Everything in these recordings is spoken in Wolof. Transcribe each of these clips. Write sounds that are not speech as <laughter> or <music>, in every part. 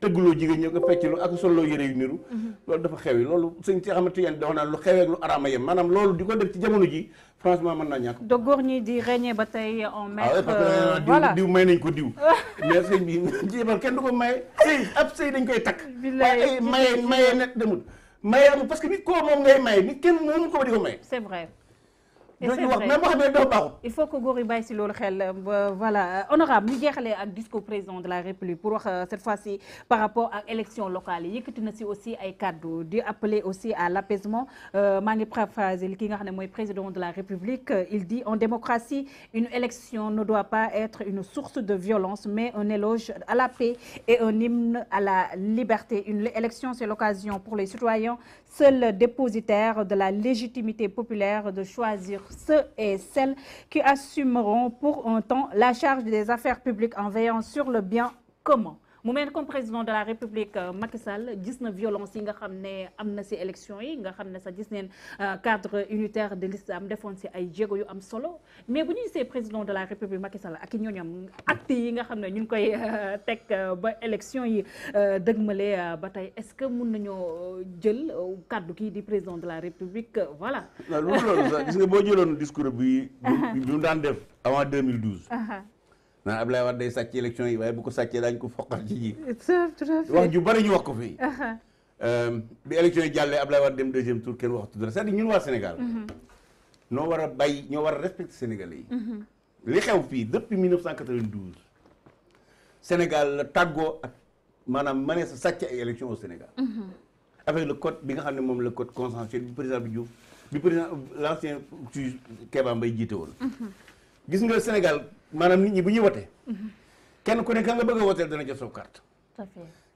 tëggloo jigéen ñi nga feccloo ak solo yëre yu niru mm-hmm. loolu dafa xew yi loolu sëñ si xamante yeen dafa naan lu xewee ak lu araama yem maanaam loolu di ko def ci jamono ji franchement mën naa ñàkk donc góor ñi di régner ba tey en ah maître euh, may nañ ko diw <laughs> mais sëñ bi <laughs> jéebal kenn du ko maye sëy ab sëy dañ koy takk maye maye net demul maye amul parce que nit koo moom ngay maye nit kenn moomu ko ba di ko maye dooñu wax même wax ne doo bàyyi si loolu xel euh, voilà euh, ñu jeexalee ak discours président de la république pour wax euh, cette fois ci par rapport ak élection locale yi yëkkati na si aussi ay kaddu di à l' maa ngi paraphrasé li ki nga xam ne mooy président de la république il dit en démocratie une élection ne doit pas être une source de violence mais un éloge à la paix et à la liberté une élection c'est l'occasion pour les citoyens seuls dépositaires de la légitimité populaire de choisir ceux et celles qui assumeront pour un temps la charge des affaires publiques en veillant sur le bien commun. mu mel comme président de la république euh, makisal gis na violence yi nga xam ne am na si élection yi nga xam ne sax gis neen euh, cadre unitaire de liste am defoon si ay jéego yu am solo mais bu ñu gisee président de la république Macky Sall ak i ñooñam acte yi nga xam ne ñu ngi koy euh, teg ba élection yi dëgmale ba tey est-ce que mun nañoo jël kaddu kii di président de la république voilà. loolu loolu sax gis nga boo jëloon discours bi. bi <laughs> mu daan def avant naan Ablaye Wade day sàcc élection yi waaye bu ko sàccee daañu ko foqal ci ji. wax ju bari ñu wax ko fii. Uh-huh. Um, bi élection yi jàllee Ablaye Wade dem deuxième tour kenn waxatu dara c'est-à-dire ñun waa Sénégal. noo mm-hmm. war a bay ñoo war a respecter Sénégalais yi. Mm-hmm. li xew fii depuis 1992 Sénégal la tàggoo ak maanaam mënee sa sàcc ay élection au Sénégal. Mm-hmm. avec le code bi nga xam ne moom la code consensuel bi président bi Diouf bi président l'ancien juge euh, Kéba Mbaye jiite wo gis nga Sénégal maanaam nit ñi bu ñuy wote kenn ku nekk ka nga bëgg a woteel dana jot soo carte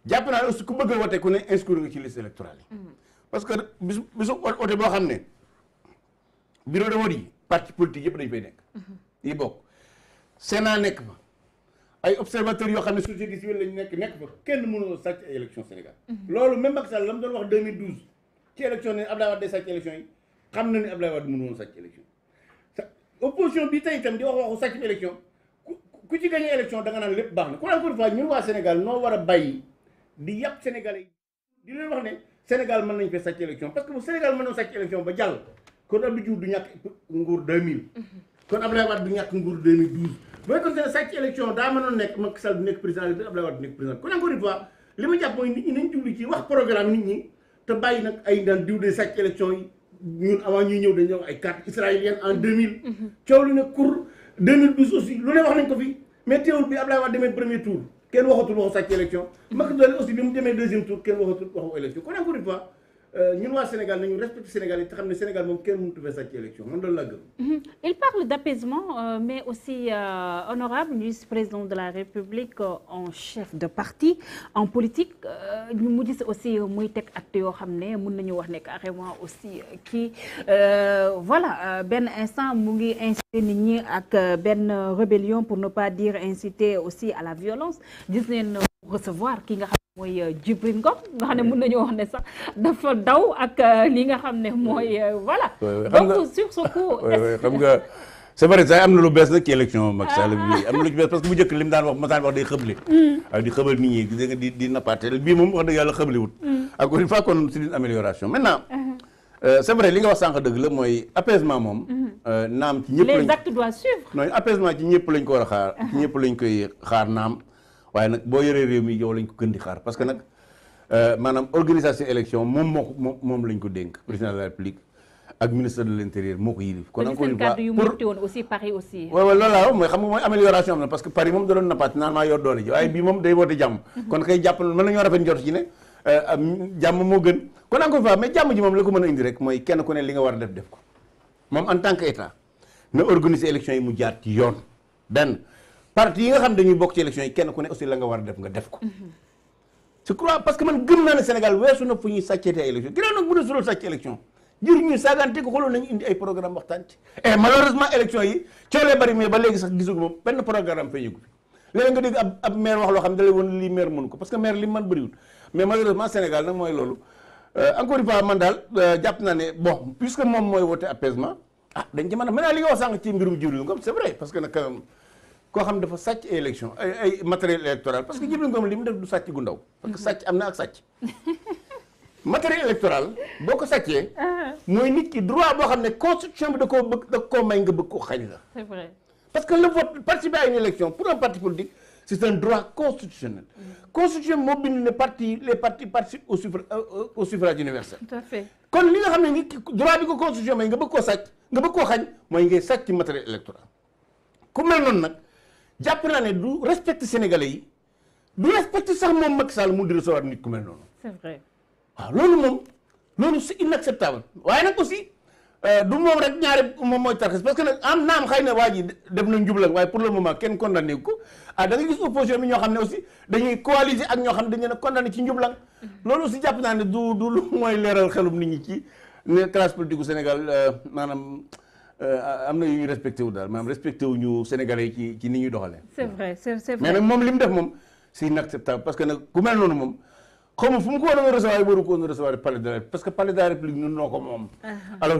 jàpp naa ku bëgg a ku ne inscrire nga ci liste électorale yi mm-hmm. parce que bis bisu wote boo xam ne bureau de vote yi parti politique yëpp dañ fay nekk mm-hmm. yi bokk Sénat nekk fa ay observateurs yoo xam ne société civile lañu nekk nekk fa kenn mënuloo sàcc ay Sénégal mm-hmm. loolu même Macky Sall la mu doon wax 2012 ci élection ne Abdoulaye Wade day sàcc élection yi opposition bi tey itam di wax waxu sàccum élection ku ci gagné élection da naan lépp baax na kon encore une fois a bàyyi di yàpp Sénégalais di leen wax ne Sénégal mën nañ fee sàcc élection parce que bu Sénégal mënoon sàcc élection ba jàll kon Abdou Diouf du ñàkk nguur 2000. Mhm. kon Abdoulaye Wade du ñàkk nguur 2012. li ma jàpp mooy nit ñi nañ jublu ci wax programme nit ñi te bàyyi nag ay daan diw de sàcc élection yi. ñun avant ñuy ñëw dañu ñëw ay carte israélienne en 2000. coow lu ne cour 2012 aussi lu ne wax nañ ko teewul bi Ablaye Wade demee premier tour kenn waxatul waxu sàcc élection. Macky Sall aussi bi mu demee deuxième tour kenn waxatul waxu élection kon encore une fois. Euh, ñun waa Sénégal nañu respecté Sénégal yi te xam ne Sénégal moom kenn mënut a fee sàcc élection man loolu laa gëm. Mhm. il parle d'apaisement euh, mais aussi euh, honorable vice-président de la République euh, en chef de parti en politique euh, ñu mu gis aussi muy teg acte yoo xam ne mën nañu wax ne carrément aussi kii voilà benn instant mu ngi inciter nit ñi ak benn rébellion pour ne pas dire inciter aussi à la violence gis recevoir ki nga xam ne mooy euh, Djibril Ngom nga xam ne mën nañoo wax ne sax dafa daw ak euh, li nga xam ne mooy euh, voilà donc sur ce coup <laughs> xam nga c'est vrai sax am na lu bees nag ci élection Macky Sall ah. bi am na lu ci bees li mu daan wax ma daan wax day xëble mm. ak ah, di xëbal nit ñi di di di nappaateel bii moom wax dëgg yàlla xëbliwut mm. encore une fois kon c'est une amélioration maintenant uh-huh. c'est li nga wax sànq dëgg la mooy apaisement moom mm-hmm. naam ci ñëpp les actes doivent suivre non apaisement ci ñëpp lañ ko war a xaar uh-huh. ñëpp lañ koy xaar naam waaye nag boo yoree réew mi yow lañ ko gën di xaar parce que nag euh, maanaam organisation élection moom moo ko moom moom lañ ko dénk président de la république ak ministre de l' intérieur moo ko yilif kon encore une fois pour jàmm. Mhm. kon euh, gën kon encore une fois mais jàmm ji moom la ko mën a rek mooy kenn ku ne li nga war a def def yi mu jaat ci yoon benn. parti yi nga xam dañuy bokk ci élection yi kenn ku ne aussi la nga war a def nga def ko. je crois parce que man gëm naa ne Sénégal weesu na fu ñuy sàcceeti ay élection ginnaaw nag bu dee sulul sàcc élection jur ñu saagante ko xooloon nañu indi ay programme waxtaan ci et malheureusement élection yi coolee euh, man daal euh, jàpp naa ne bon puisque moom mooy wote apaisement ah dañ ci mën a mën naa li nga wax sànq ci mbirum jur yu ngam c'est vrai koo xam dafa sàcc élection ay ay matériel électoral parce que Djibril Ngom li mu def du sàcc gu ndaw parce que sàcc am na ak sàcc <laughs> matériel électoral boo ko sàccee ah. mooy nit ki droit boo xam ne constitution bi da koo bëgg koo may nga bëgg ko xañ la c'est vrai parce que le vote participer à une élection pour un parti politique c'est mm. parti les partis participent au euh, euh, suffrage au kon li nga xam ne nit ki droit bi ko may nga bëgg koo sàcc nga bëgg koo xañ mooy ngay sàcc matériel électoral ku mel noonu nag jàpp naa ne du respecte sénégalais yi du respecte sax moom Macky Sall mu di recevoir nit ku mel noonu. c'est vrai waaw loolu moom loolu c'est inacceptable waaye nag aussi euh, du moom rek ñaari moom mooy tarxis parce que nag am naam xay na waa ji def na njubla waaye pour le moment kenn condamné ko ah da nga gis opposition bi ñoo xam ne aussi dañuy coaliser ak ñoo xam ne dañu ne condamné ci njubla loolu aussi jàpp naa ne du du lu mooy leeral xelum nit ñi ci ne classe politique gu Sénégal euh, maanaam. Euh, am na yu ñu respecté daal maanaam respecté wu ñu Sénégalais ci ci ni ñuy doxalee. c'est vrai c'est vrai mais nag li mu def moom a uh-huh.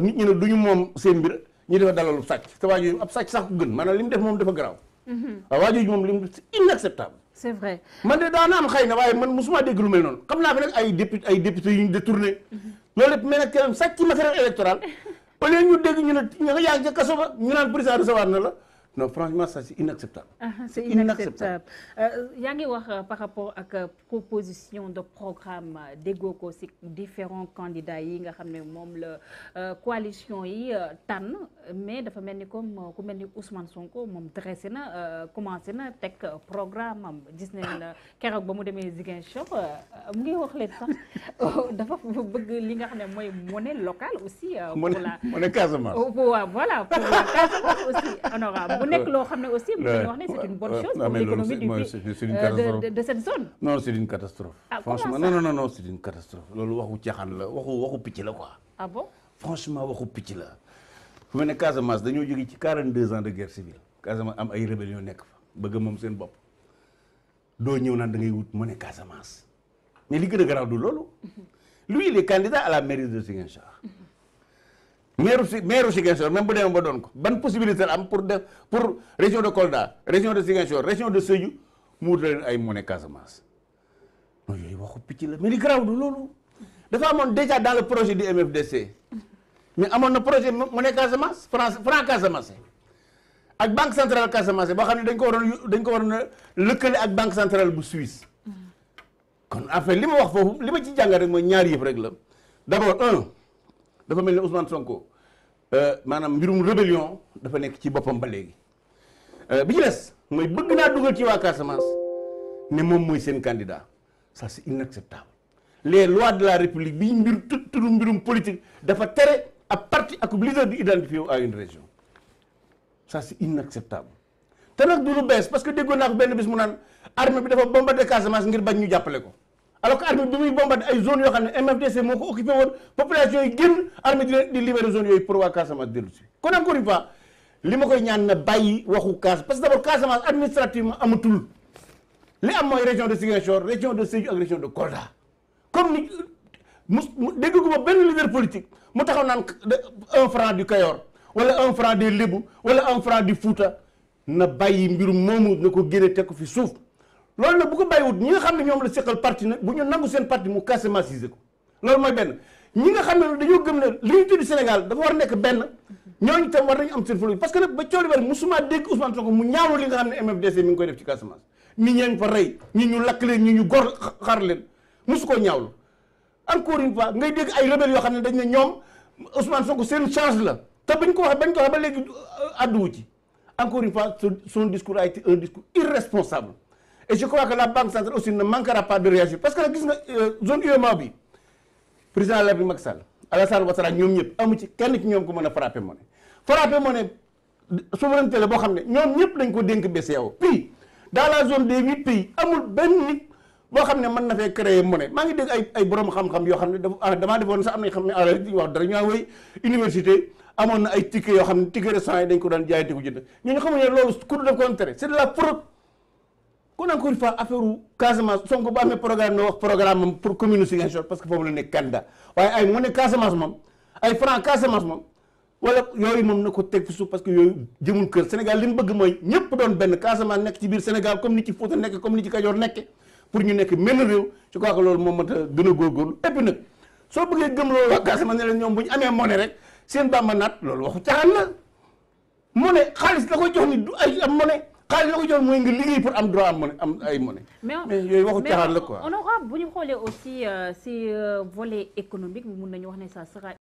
du ñu moom seen mbir ñu dafa dalalu sàcc te waa jooju ab sàcc sax ko gën maanaam li mu def moom dafa garaaw. Mm-hmm. waaw waa jooju moom li mu def inacceptable. man de daan na am xëy na waaye man musuma dégg lu mel noonu xam naa fi nag ay député ay député yu ñu détourné. Mm-hmm. loolu lépp mais nag keneen sàcc matériel électoral <laughs> au ñu dégg ñu ne ña nga ñu naan président recevoir na non franchement ça c'est inacceptable. Ah, c'est euh, yaa ngi wax euh, par rapport ak euh, proposition de programme déggoo ko ci différents candidats yi nga xam ne moom la coalition yi tànn mais dafa mel ni comme ku mel ni Ousmane Sonko moom dressé na commencé na teg programme am gis nañ la keroog ba mu demee Ziguinchor mu ngi wax leen <laughs> dafa bëgg li nga xam ne mooy monnaie locale aussi. pour la monnaie Casamance. Oh, voilà pour la Casamance aussi honorable mu nekk loo xam ne aussi mën nañu wax ne c'est une bonne chose pour loolu waxu caaxaan la waxu waxu picc la ko ah bon franchement waxu picc la fu mu ne Casamance dañoo jógee ci 42 ans de guerre civile Casamance am ay rébellion nekk fa bëgg moom seen bopp doo ñëw naan da wut mu ne Casamance mais li gën a garaaw du loolu. <laughs> lui il est candidat à la mairie de <laughs> maire si maire Ziguinchor même bu demee ba doon ko ban possibilité la am pour def pour région de Kolda région de Ziguinchor région de Sédhiou mu wutal ay monnaie Casamance non yooyu waxu picc la mais li garaaw loolu dafa amoon déjà dans le projet du MFDC mais amoon na projet monnaie Casamance franc Casamance ak banque centrale Casamance boo xam ne dañ ko waroon dañ ko waroon a lëkkale ak banque centrale bu Suisse kon en li ma wax foofu li ma ci jàngat rek mooy ñaar yëpp rek la d'abord un. dafa mel ni Ousmane Sonko euh, maanaam mbirum rébellion dafa nekk ci boppam ba léegi euh, bi ci des mooy bëgg naa dugal ci waa Casamance ne moom mooy seen candidat ça c'est inacceptable les lois de la république bi mbir tuddu mbirum politique dafa tere ab parti ak leader di identifié wu à une région ça c'est inacceptable te nag du lu bees parce que déggoon naa ko benn bis mu naan armée bi dafa bombardé Casamance ngir bañ ñu jàppale ko. alors que armée bi muy bombardé ay zone yoo xam ne MFDC moo ko occupé woon population yi génn armée di di libéré zone yooyu pour waa Casamance dellu si kon encore une fois li ma koy ñaan na bàyyi waxu Cas parce que d'abord Casamance administrativement amatul li am mooy région de Ziguinchor région de Sédhiou ak région de Kolda comme ni ko dégguma benn leader politique mu taxaw naan un franc du Kayor wala un franc des Lébu wala un franc di Fouta na bàyyi mbirum moomu na ko génne teg fi suuf loolu nag bu ko bàyyiwut ñi nga xam ne ñoom la seqal parti nag bu ñu nangu seen parti mu cassemacisé ko loolu mooy benn ñi nga xam ne dañoo gëm ne l'unité du Sénégal dafa war a nekk benn ñooñu tam war nañu am seen fulla parce que nag ba cooli bari musuma dégg Ousmane mu ñaawlu li nga xam ne MFDC mi ngi koy def ñu lakk leen ñi ñu gor xar leen musu koo ñaawlu encore une fois ngay dégg ay rebelle yoo xam ne dañ ne ñoom Ousmane ko seen change la te bañ ko waxee bañ ko waxee ba léegi àdduwu euh, ci encore une fois son discours a été un discours irresponsable Et je crois que la Banque centrale aussi ne manquera pas de réagir. Parce que la euh, zone UEMOA, le président Alabi Maxal, Alassane Ouattara, nous sommes tous, quelqu'un qui nous a frappé monnaie. Frappé monnaie, souveraineté, nous sommes tous les gens qui ont Puis, dans la zone des 8 pays, il n'y a pas boo xam ne mën na fee créer monnaie ngi dégg ay ay xam-xam yoo xam ne dafa ah, damaa defoon sax am na xam ne alal ah, di université amoon na ay ticket yoo xam ne ticket restaurant yi dañ ko daan jaay di ko ko intérêt c'est de la fraude kon encore une fois affaire Casamance Sonko bu amee programme na wax programme am pour commune Ziguinchor parce que foofu la nekk candidat waaye ay mu ne Casamance moom ay franc Casamance moom wala yooyu moom na ko teg fi parce que yooyu jëmul kër Sénégal li mu bëgg mooy ñëpp doon benn Casamance nekk ci biir Sénégal comme ni ci Fouta nekk comme ni ci Kajoor nekk pour ñu nekk mel réew je crois que loolu moom mat a gën a góorgóorlu et puis nag soo bëggee gëm loolu waa Casamance bu ñu amee monnaie rek seen bàmba naat loolu waxu caaxaan la monnaie xaalis la koy jox ni du ay am xaalis yoo ko jël mooy nga liggéey pour am droit am ay monnaie. mais yooyu waxu caaxaan la ko on aura bu ñu xoolee aussi euh, si euh, volet économique mun nañu wax ne ça sera